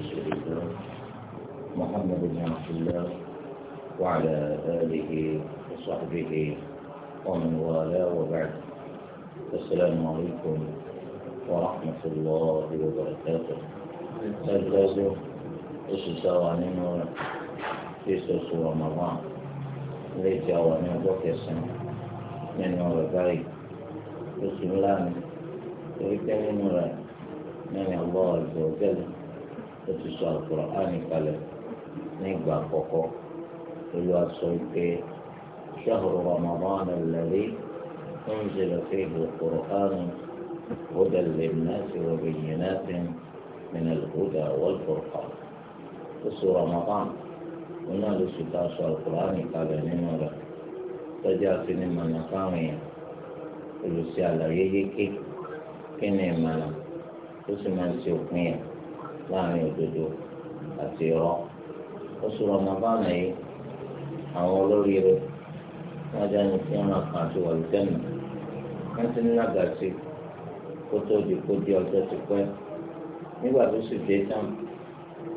رسول الله محمد بن عبد الله وعلى آله وصحبه ومن والاه وبعد السلام عليكم ورحمة الله وبركاته الجازم الشيطان عنه في سورة رمضان ليس أولا بقي السنة من نور البعيد بسم الله torí pé nínú rẹ̀ lẹ́yìn ó ti sọ Al-Qur'ani kalẹ̀ ní ìgbà àkọ́kọ́ pẹ̀lú aṣọ ìpè شهر رمضان الذي أنزل فيه القرآن هدى للناس وبينات من الهدى والفرقان oṣù Ramadan wọn náà ló sì ta aṣọ àkùránì kalẹ̀ nínú rẹ̀ tọ́jú àti ní mọ̀nà fáwọn èèyàn olùsí àlàyé yéké kí ni ìmọ̀nà ó sì máa ń ṣe òpin yẹn. láàrin òdodo àti irọ́ oṣù rọmọbáàmù yìí àwọn olórí rẹ wọn jẹ ẹni tí wọn máa kàn àti wọlé tẹnu wọn ti ní lágàtì kó tó di kó di ti pẹ́ nígbà tó sì dé tán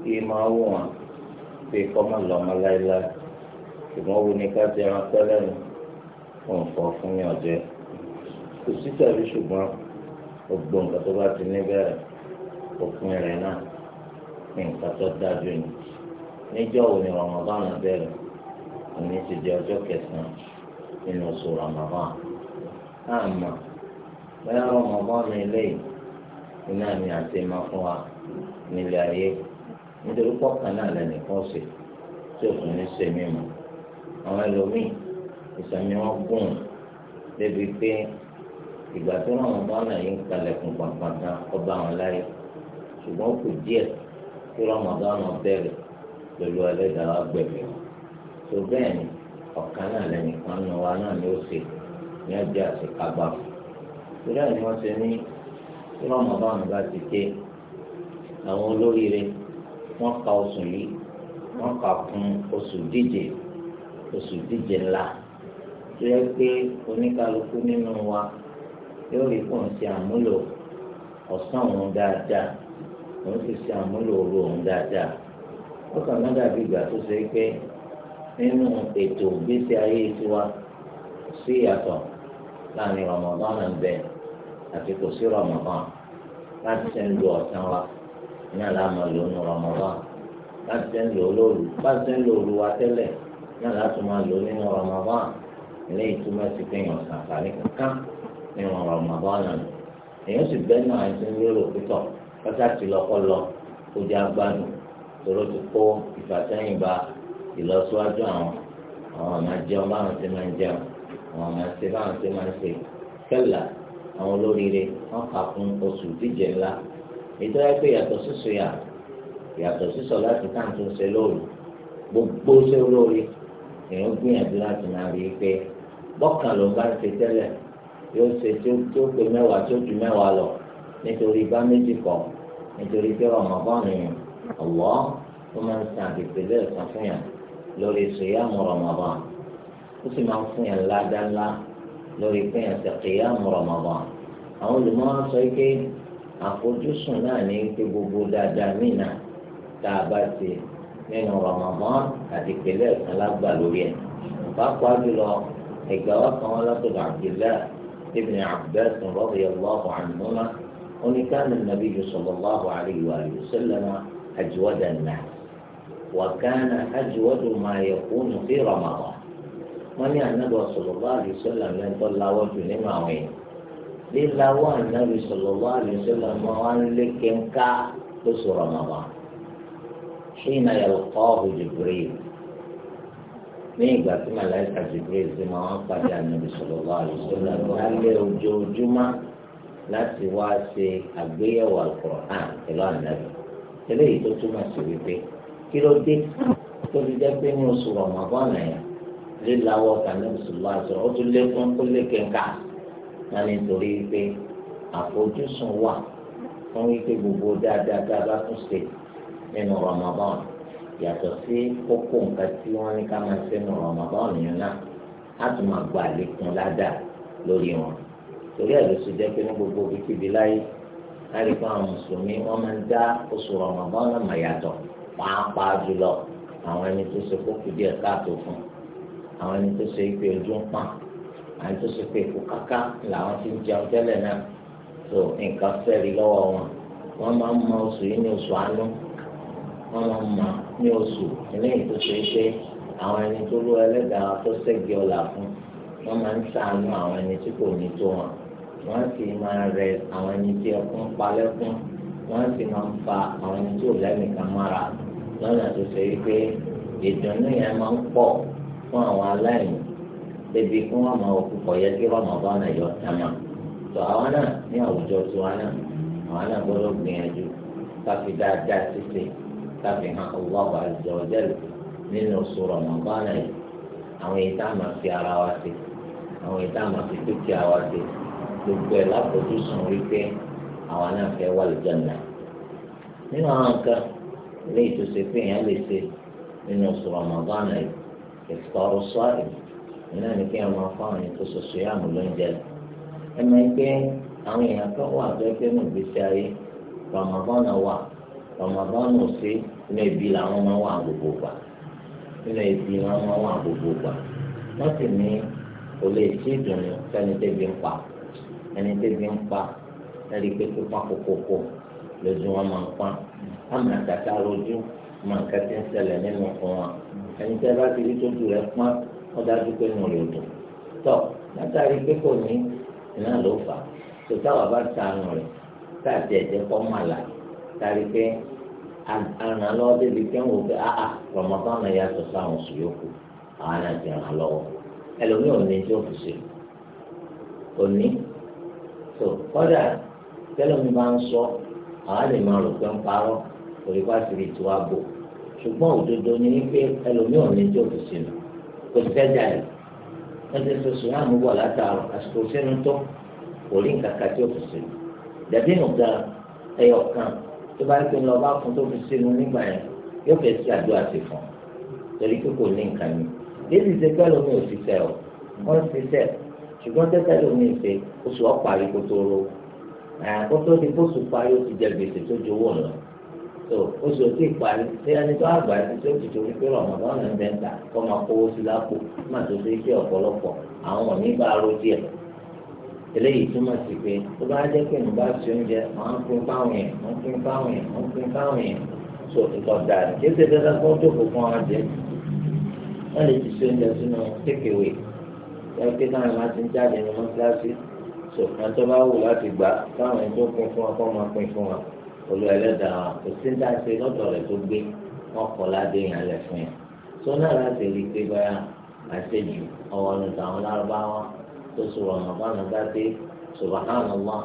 kí máa wò wọn pé kọ́ má lọ ọmọ láéláé wo ni ká ti ẹran pẹ́ lẹ́nu wọn fọ fún mi kò sí tàbí tó bá ti ní òfin náà. nǹkan tó dájú ni níjọ́ wo ni Ramadan bẹ̀rẹ̀ òní ti di ọjọ́ kẹsàn-án nínú oṣù Ramadan àmọ́ bẹ́ẹ̀ Ramadan eléyìí iná ni àti máa fún wa nílé ayé nítorí pọ́kàn náà lẹ́nìkan ṣe tí òfin ní ṣe mímọ́ àwọn ẹlòmíì ìsàmì wọn gùn débi pé ìgbà tó Ramadan yìí ń kalẹ̀kùn pàǹpàǹtà ọba àwọn láyé ṣùgbọ́n kò díẹ̀ kí rọmọdọ́nù bẹ̀rẹ̀ pẹ̀lú ẹlẹ́dàá gbẹ̀mí tó bẹ́ẹ̀ ni ọ̀kan náà lẹ́yìn kan nù wa náà ni ó ṣe ní ọjọ́ àṣekágbá fún torí àná wọn ṣe ní kí rọmọdọ́nù bá ti dé àwọn olóríire wọn oṣù fún oṣù díje oṣù díje ńlá tó yẹ pé nínú wa yóò rí àmúlò ọ̀sán òun sì ṣe àmúlò òru òun dáadáa ó kàn má dàbí ìgbà tó ṣe pé nínú ètò ìgbésí ayé tiwa sí ìyàtọ̀ láàrin Ramadan náà bẹ àti kò sí Ramadan láti ṣe ń lo ọ̀sán wa náà láàmú lò nù láti ṣe ń lo láti ṣe ń lo òru wa tẹ́lẹ̀ náà láti nínú sàǹfààní kankan nínú náà èèyàn sì bẹ́ẹ̀ pàtàkì lọ́kọ́lọ́ kó jẹ́ agbádùn tòró ti kó ìfàsẹ́yìn bá ìlọsíwájú àwọn àwọn máa jẹun báwọn ti máa jẹun àwọn máa ṣe báwọn ti máa ṣe kẹlà àwọn olóríire wọn kà fún oṣù díje ńlá ètò ẹ pé yàtọ̀ sísọ yà yàtọ̀ sísọ láti káàtó ṣe lóru gbogbo ṣe lórí èèyàn gbìyànjú láti máa rí i pé bọ́kàn ló bá ṣe tẹ́lẹ̀ yóò ṣe tí ó pé mẹ́wàá tí ó ju mẹ́wàá lọ nítorí bá méjì kọ nítorí pé Ramadan yẹn ọ̀wọ́ ó máa ń san àgbègbè bẹ́ẹ̀ san fún yàn lórí sèyàmù Ramadan ó sì máa ń fún yàn ládàlá lórí pé yàn ti sèyàmù Ramadan àwọn olùmọ̀ wá sọ pé àfojúsùn náà ní pé gbogbo dáadáa míì náà tá a bá ti nínú Ramadan àti ìpínlẹ̀ ẹ̀sán lágbà lórí ẹ̀ pàápàá jùlọ ẹ̀gbà wa kan wọn látọ̀dọ̀ Abdullah ibn Abbas radiyallahu anhuma. أن كان النبي صلى الله عليه وآله وسلم أجود الناس وكان أجود ما يكون في رمضان من يعني النبي صلى الله عليه وسلم لن تقول وجه لما وين لذا هو النبي صلى الله عليه وسلم موان لكم كا بس رمضان حين يلقاه جبريل من قلت ملائكة جبريل زمان وقع النبي صلى الله عليه وسلم وقال له جو láti wá ṣe àgbéyẹ̀wò alukur'an pẹ̀lú ànábì eléyìí tó túmọ̀ sí wípé kí ló dé tó fi jẹ́ pé ní oṣù rọ̀mọ́bọ́nà yẹn líláwọ́ kanáà sùlọ́ àṣọ ó tún lékún kó lékè ká wọn ni torí pé àfojúsùn wà fún wípé gbogbo dáadáa tá a bá tún ṣe nínú rọ̀mọ́bọ́nà yàtọ̀ sí kókó nǹkan tí wọ́n ní ká máa ṣe nínú rọ̀mọ́bọ́nà yẹn náà á tún máa gba àlékún ládàá lórí wọn torí ẹ̀ ló ṣe jẹ́ pé ní gbogbo ibikíbi láyé láti fún àwọn mùsùlùmí wọ́n máa ń dá oṣù Ramadan náà mà yàtọ̀ pàápàá jùlọ àwọn ẹni tó ṣe kókò díẹ̀ káàtó fún àwọn ẹni tó ṣe ipe ojú ń pàn àwọn tó ṣe pé èkó káká làwọn ti ń jẹun tẹ́lẹ̀ náà tó nǹkan fẹ́ẹ̀rí lọ́wọ́ wọn wọ́n máa ń mọ oṣù yìí ní oṣù àánú wọ́n máa ń mọ ní oṣù eléyìí tó ṣe é ṣe àwọn ẹni tó lọ ẹlẹ́dàá tó ṣẹ́gi ọ̀là fún wọ́n máa ń ṣàánú àwọn ẹni tí kò ní tó wọn wọ́n sì máa rẹ àwọn ẹni tí ẹkún palẹ́ fún wọ́n sì máa ń fa àwọn ẹni tí ò lẹ́nìkan mára lọ́nà tó ṣe wípé ìdùnnú yẹn máa ń pọ̀ fún àwọn aláìní débi kí wọ́n máa òkùnkọ̀ yẹ kí wọ́n máa bá ọ̀nà yọ tàmà tó àwọn náà ní àwùjọ tiwa náà àwọn náà gbọ́dọ̀ gbìyànjú káfí dáadáa títí káfí hàn ọwọ́ àjọjẹ́lì nínú oṣù Ramadan yìí àwọn èyí fi ara wa ṣe àwọn èyí fi dúkìá wa ṣe gbogbo ẹ̀ láfojúsùn wípé àwọn náà fẹ́ wà lùjọ́nà nínú àwọn nǹkan ilé ìtòsí pé èèyàn lè ṣe nínú oṣù Ramadan yìí ìfọ̀rọ̀ sọ́ọ̀rì nínú àná kí àwọn afáwọn ẹni tó ṣoṣo yà mú lóúnjẹ ẹ mọ̀ pé àwọn èèyàn kan wà tó ẹgbẹ́ nù gbèsè ayé Ramadan wà Ramadan ò sí nínú ibi làwọn máa wà gbogbo gbà nínú ibi wọn máa wà gbogbo gbà wọ́n sì ní kò tí ìdùnnú sẹ́ni tẹ́bi ń pa ẹni tẹ́bi ń pa ẹni pé kó pa kókókó lójú wọn máa ń pa àmì àtàtà lójú máa ń kẹ́tẹ́ ń ṣẹlẹ̀ nínú ọkàn wa ẹni tẹ́ bá ti rí tójú rẹ̀ pọ́n ó dájú pé nù rẹ̀ dùn tọ́ látàrí pé kò ní iná ló fà tó táwa bá sànù rẹ̀ táàtì ẹ̀jẹ̀ kọ́ mà là tàrí pé àrùn àlọ́ débi pé ń wò pé áà rọmọbáwọn yàtọ̀ sáwọn oṣù yòókù àwọn àti àrùn àlọ́wọ́ ẹlòmíràn ní tí ó òní tó kọ́dà tẹ́lẹ̀ mi bá ń sọ àwọn lè máa rò pé ń parọ́ torí bá ti rí tiwa bò ṣùgbọ́n òdodo ni wípé ẹlòmíràn ní tí òfin sínú kò sí tẹ́jà rẹ̀ wọ́n ti sọ sùn láàmú bọ̀ látàrọ̀ àsìkò sínú tó kò rí nǹkan kan tí òfin sínú dàbí nǹkan ẹyọ kan tó bá ń pè lọ bá fún tó fi sínú nígbà yẹn yóò fẹ́ sí àdúrà sí fún un torí pé kò ní nǹkan mi èyí ti ṣe pẹ́ lómi òṣìṣẹ́ o wọ́n ṣiṣẹ́ ṣùgbọ́n tẹ́tẹ́ ló ní ìfẹ́ oṣù ọ̀parí kò tó ro kó tó di kóṣù parí ó ti jẹ gbèsè tó ju owó lọ tó oṣù òtí ìparí ṣé ẹni tó àgbà ẹni tó ti torí pé rọmọdán ní bẹ́ńtà kó máa kówó sí lápò má tó ṣe iṣẹ́ ọ̀pọ̀lọpọ̀ àwọn oníbàárò díẹ̀ eléyìí túmọ̀ sí pé tó bá jẹ́ pé nígbà tí oúnjẹ máa ń pín fáwọn yẹn máa ń pín fáwọn yẹn máa ń pín fáwọn yẹn tó ìtọ́jà kí ó ṣe dandan kó tó fún wọn ẹ pé táwọn ẹ̀ máa ti ń jáde ní mọ́tíláṣí so àwọn tó bá wù láti gbà táwọn ẹ̀ tó pin fún wa kọ́ máa pin fún wa olú ẹlẹ́dàá kò sí ń dáṣe lọ́dọ̀ rẹ̀ tó gbé wọn kọ́ ládé yẹn lẹ̀ fún yẹn tó náà láti rí i pé báyà àṣejù ọwọ́ ní tàwọn lárúbáwá tó sọ̀rọ̀ ọ̀nà bá nàá dáṣe subhanallah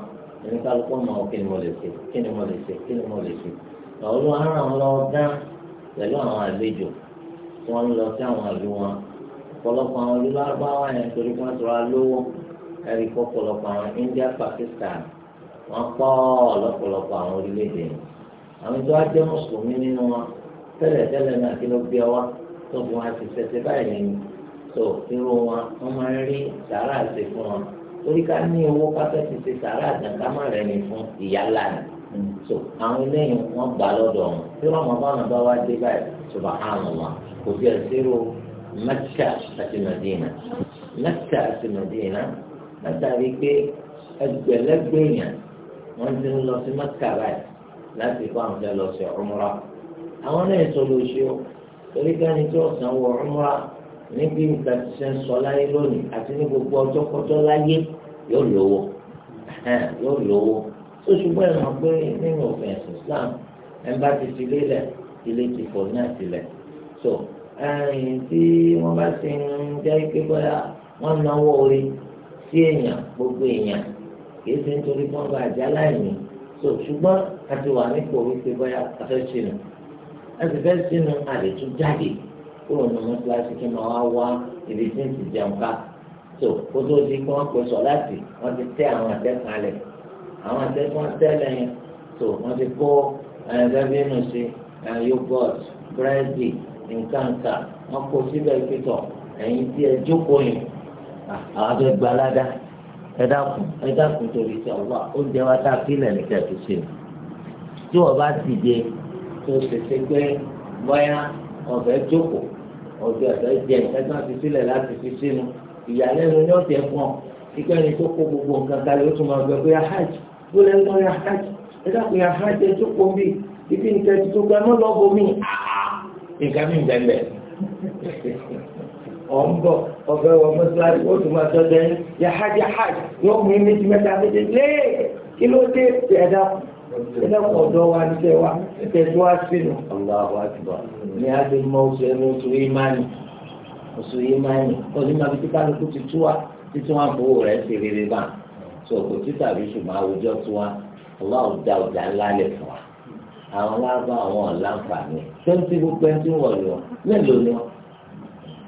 ẹni kálukú ọmọ kí ni mo lè ṣe kí ni mo lè ṣe kí ni mo lè ṣe àwọn olú ara wọn lọ dá pẹ̀lú àwọn àlejò tí wọ́n ń lọ sí àwọn àlú wọn ọ̀pọ̀lọpọ̀ àwọn olùbáwá yẹn torí wọ́n sọ̀rọ̀ alówó ẹ̀rí kọ́ ọ̀pọ̀lọpọ̀ àwọn India Pakistan wọ́n pọ̀ ọ̀lọ́pọ̀lọpọ̀ àwọn orílẹ̀-èdè yẹn àwọn tó wá jẹ́ mùsùlùmí nínú wọn tẹ́lẹ̀ tẹ́lẹ̀ náà kí ló gbé ọwá tó fún wa ti ṣẹṣẹ báyìí ni tó irú wọn wọ́n máa ń rí sàárà ṣe fún wọn torí ká ní owó pátá ti ṣe sàárà àdàn ká má rẹ̀ ní fún ìyá lánàá so àwọn eléyìí wọ́n gbà lọ́dọ̀ wọn tí wọ́n mọ̀ báwọn bá wá dé báyìí ṣùgbọ́n àwọn wọn kò bí ẹ̀ Mẹ́kà àti Mẹ́dínà Mẹ́kà àti Mẹ́dínà látàrí pé ẹgbẹ̀lẹ́gbẹ̀ èèyàn wọ́n ti ń lọ sí Mẹ́kà báyìí láti kó àwọn fẹ́ lọ sí ọmúra àwọn náà sọ lóṣù torí káni tí wọ́n sanwó ọmúra níbi nǹkan ti ṣe ń sọ láyé lónìí àti ní gbogbo ọjọ́ kọjọ́ láyé yóò lówó yóò lówó tó ṣùgbọ́n ẹ̀ mọ̀ pé nínú òfin ẹ̀sìn Islam ẹ̀ bá ti fi lélẹ̀ ilé ti fò ní àtìlẹ̀ so tí wọ́n bá ti ń jẹ́ pé bóyá wọ́n náwó orí sí èèyàn gbogbo èèyàn kì í ṣe nítorí kí bá jẹ́ aláìní so ṣùgbọ́n a ti wà nípò wípé bóyá a fẹ́ ṣìnà a sì fẹ́ ṣìnà a lè tún jáde kúrò ní mọ́tíláṣí kí wọ́n wá wá ibi tí ń ti jẹun ká so kó tó di kí wọ́n pè sọ láti wọ́n ti tẹ àwọn àtẹ́kùn alẹ̀ àwọn àtẹ́kùn tẹ́lẹ̀ yẹn so wọ́n ti kó ẹ̀ẹ́dẹ́gbẹ́nu eh, sí eh, yogurt búrẹ́dì nǹkanǹkà wọn kó síbẹ̀ pẹ̀tọ̀ ẹ̀yin tí ẹ jókòó yìí àwọn abẹ́ gbalada ẹ dákun ẹ dákun torí ti ọwọ́ oúnjẹ wa tá a fílẹ̀ ní kẹ́ẹ̀tù sí i tí wọ́n bá dìde tó ṣèṣe pé bóyá ọ̀fẹ́ jókòó ọ̀fẹ́ ọ̀fẹ́ jẹ ẹgbẹ́ àti sílẹ̀ láti fi sínú ìyàlẹ́nu ní ọ̀tẹ̀ fún ọ ìkẹ́ni tó kó gbogbo nǹkan kalẹ̀ ó tún máa gbẹ pé ahaj bó lẹ́nu lọ ya ahaj ẹ dákun ya ahaj ẹ jókòó bíi ibi nìkẹ́ẹ̀tù tó gbẹ mọ́ lọ́ọ́ bomi à ah, nǹkan mi bẹ̀m̀bẹ̀ ọ̀nbọ̀ ọ̀fẹ́ wọ mọ́sálásí ó tún máa tọ́jọ́ yín yahaja hajj yóò mú méjì mẹ́ta méjì lé kí ló dé ẹ̀dá ẹ̀dá ọ̀dọ́ wa ní tẹ́ wa tẹ̀síwá sínú Allahu akbar ní a ti mọ oṣù ẹni oṣù ìmánì oṣù ìmánì ọdún máa fi kíkà ti tú wa títí wọn fowó rẹ̀ ṣe rere bá so kò títà bí ṣùgbọ́n àwùjọ tiwa ọlọ́ọ̀dà ọ̀dà ńlá lẹ̀ fún wa àwọn lábá àwọn ọ̀làǹfààní sẹ́ńtì gbogbo ẹni tí ń wọ̀ lọ mélòó ni wọn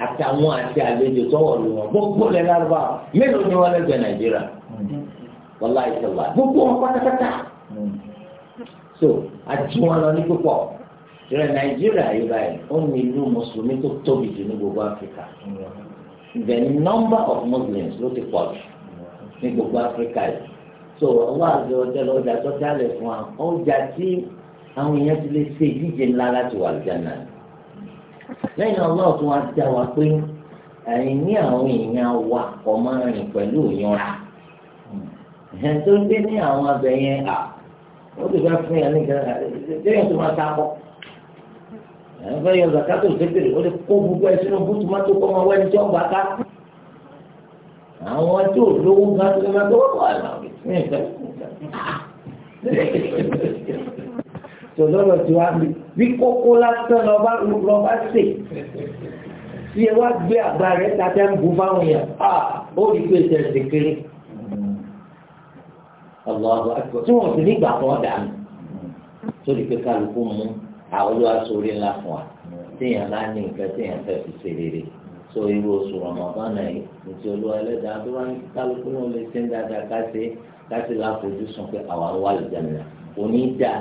àtàwọn àti àlejò tó wọ̀ lọ gbogbo lẹ lábá mélòó ni wọn lẹ́gbẹ̀ẹ́ nàìjíríà wọlá ìṣẹ̀lá gbogbo wọn pátápátá so àti wọn lọ ní púpọ̀ rẹ nàìjíríà yìí báyìí ó ní ìlú mùsùlùmí tó tóbi jù ní gbogbo áfíríkà the number of muslims ló ti pọ̀ jù ní gbogbo áfíríkà yìí so ọwọ́ àti ọjọ́ lọ́jà tó dálẹ̀ fún àwọn èèyàn ti lè ṣe ìdíje ńlá láti wà lùjánà lẹ́yìn náà ọlọ́run tó wá dá wa pé àìní àwọn èèyàn wa kọ́ máa rìn pẹ̀lú ìyanra ẹ̀ tó ń gbé ní àwọn abẹ yẹn à ó ti fẹ́ fún yẹn nígbà lẹ́yìn tó máa sábọ̀ ẹ̀ fẹ́ yọ zakato fẹ́tẹ̀rì ó lè kó gbogbo ẹ̀ sínú bútu má tó kọ́ máa wẹ́ni tí wọ́n bá ká àwọn tó lówó gan tó máa tó wọ́pọ̀ àná tòlọ́rọ̀ tí wàá mi bí kókó lásán lọ́ba lọ́ba sè tí ẹ wá gbé àgbà rẹ̀ tàbí ń bu fáwọn yẹn a ó rí pé ìṣẹ̀lẹ̀ ti kéré ọlọ́wọ́ tí wọ́n ti nígbà kan dà mí sórí pé kálukú mú àwọn olúwa sórí ńlá fún wa téèyàn bá ní nǹkan téèyàn fẹ́ fi ṣe rere so irú oṣù rọmọbọnà yìí nítí olúwa ẹlẹ́dàá tó wá ní kálukú náà lè ṣe ń dáadáa ká ṣe ká láfojú sùn pé àwa wà lùjáde náà onídàá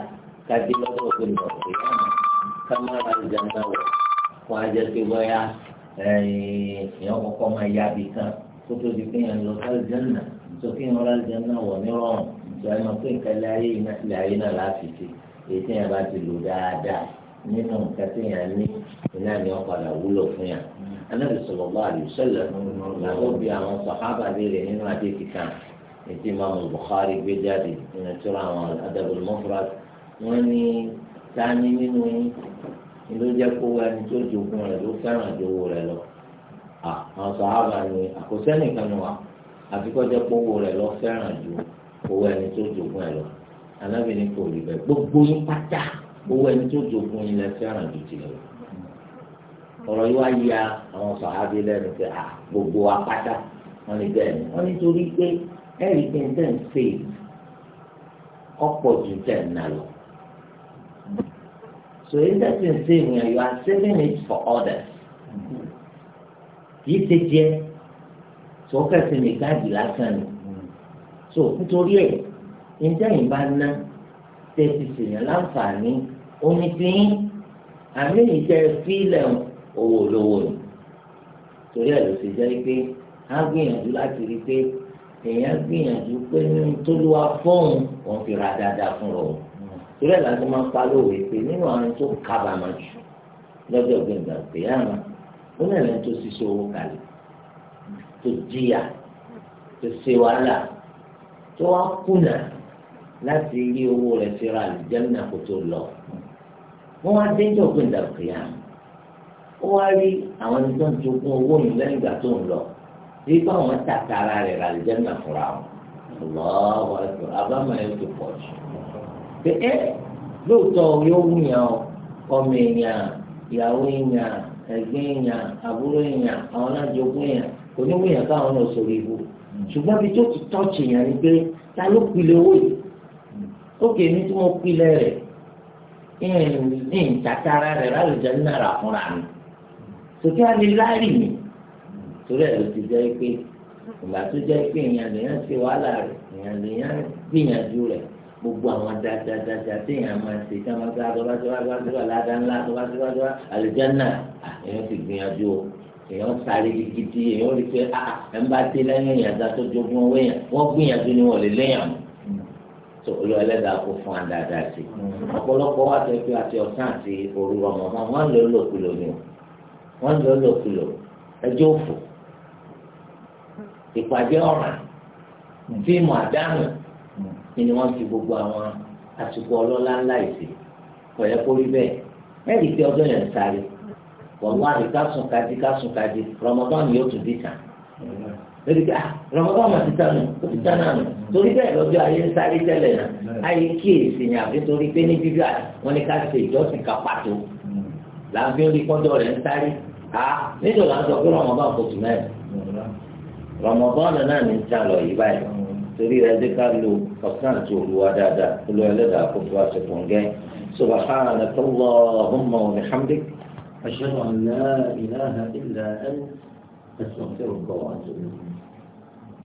kájí lọ́dọ̀ òkú ní ọ̀sẹ̀ yá ká má ra ìjà náà wọ̀ kó a jẹ́ pé bọ́yá èèyàn kọ́kọ́ máa yá bi kan kó tó di pé yẹn lọ ká ìjà náà tó kí yẹn ra ìjà náà wọ̀ ní rọrùn tó ẹ máa pé nǹkan ilé ayé ilé ayé náà láti fi èyí tí yẹn bá ti lò dáadáa nínú nǹkan tí yẹn ní iná ni wọn padà wúlò fún yẹn anábì sọlọ bá àlùsọlẹ làwọn bí àwọn sàhábà léèrè nínú adé kíkan ètí ìmáàmù Bukhari gbé jáde nínú tó ra àwọn adabul mufrad wọ́n ní tani nínú yín ló jẹ́ kó ẹni tó jogún rẹ̀ ló fẹ́ràn ìjòwò rẹ̀ lọ. àwọn sàhábà ni àkọsẹ́nìkan ni wà àfi kọ́jọ́ pé owó rẹ̀ lọ fẹ́ràn ju owó ẹni tó jogún ẹ̀ lọ. anábì kò rí bẹ́ẹ̀ gbogbo yín pátá owó ẹni tó jogún yín lẹ fẹ́ràn ju tìlẹ̀ lọ. ọ̀rọ̀ yìí wá ya àwọn sàhábà lẹ́nu pé à gbogbo wa pátá wọ́n ní bẹ́ẹ̀ ni wọ́n nítorí pé ẹ̀rí pé ń tẹ̀ ń fèèd ọ̀pọ̀ ju tẹ̀ ń nà lọ. So in that same way, you are saving it for others. Kì í ṣe jẹ, so kẹsì ní káàdì lásán ni. So nítorí ẹ̀, ǹjẹ́ yìí bá ná tẹ̀sí sèyàn láǹfààní omi tí ń àmì ìjẹ́ fílẹ̀ owó lówó ni. Torí ẹ̀ ló ṣe jẹ́ pé á gbìyànjú láti rí i pé èèyàn gbìyànjú pé ní tó ló wá fóun òun fi ra dáadáa fún ọ ìrẹ́ láti máa ń pa lóòwe pé nínú àwọn tó kábàámọ̀ jù lọ́jọ́ gbẹ̀ngà pé àmọ́ ó náà lẹ́nu tó ṣiṣẹ́ owó kalẹ̀ tó jìyà tó ṣe wàhálà tó wá kùnà láti rí owó rẹ̀ ti ra àlùjẹ́mìnà kó tó lọ. wọ́n wá déjọ́ gbẹ̀ngà pé àmọ́ ó wá rí àwọn ẹni tó ń jogún owó yìí lẹ́yìn ìgbà tó ń lọ bí bá wọn tàkàrà rẹ̀ ra àlùjẹ́mìnà fúnra wọn. lọ́wọ́ àbámọ̀ ẹ̀ tó pọ̀ jù pé ẹ lóòótọ́ yóò wù yàn ọ ọmọ èèyàn ìyàwó èèyàn ẹ̀gbẹ́ èèyàn àbúrò èèyàn àwọn alájogún èèyàn kò ní wù yàn káwọn náà sọ̀rọ̀ ìbò ṣùgbọ́n bí tó ti tọ́ọ̀tì yàn ni pé ta ló pilẹ̀ owó yìí ó kè mí tí mo pilẹ̀ rẹ̀ ìrìn tàtàrà rẹ̀ lálùjẹ́ náírà fúnra mi sókè á lè láàrin mi torí ẹ̀ ló ti jẹ́ pé ìgbà tó jẹ́ pé èèyàn lèèyàn ṣe wàhálà rẹ̀ èèyàn gbogbo àwọn dáadáa téèyàn máa ṣe kí wọ́n gbá tó bá tó bá tó bá ládàá ńlá tó bá tó bá tó bá àlùjánnà èèyàn ti gbìyànjú o èèyàn sáré gidigidi èèyàn rí pé a ah, ẹ̀ ń bá dé lẹ́yìn ìyàtọ̀ tó jogún owó èèyàn wọ́n gbìyànjú ni wọ́n lè léyàn mọ́ tó olú ẹlẹ́dàá kó fún wa dáadáa sí i ọ̀pọ̀lọpọ̀ wà tó ẹgbẹ́ àti ọ̀sán àti òru ọmọ wọn wọ́n lọ lòkulò ni o wọ́n lọ lòkulò ẹjọ́ òfò ìpàdé ọ̀ràn fíìmù àdánù ni wọ́n fi gbogbo àwọn àsìkò ọlọ́lá ńlá ìsè pẹ̀lẹ́ kórí bẹ́ẹ̀ ẹ̀rí tí ọjọ́ yẹn ń sáré wàláhì kásùn kájí kásùn kájí rọmọdán yóò tún dì tán lórí pé ah, rọmọdán mà ti tán nù ó ti tán náà nù torí bẹ́ẹ̀ lọ́jọ́ ayé ń sáré tẹ́lẹ̀ náà ayé kíyèsí ni àbí torí pé ní bíbí wọn ni ká ṣe ìjọsìn ká pàtó làbí orí kọ́jọ́ rẹ̀ ń sáré a nítorí wọn sọ pé rọmọdán kò tún mẹ́rin rọmọdán náà ní ìjà lọ yìí báyìí torí rẹ̀ dé ká lo فكانت ودادا كل ولدا كنت واسف ونجي سبحانك اللهم وبحمدك أشهد أن لا إله إلا أنت أستغفرك وأتوب إليك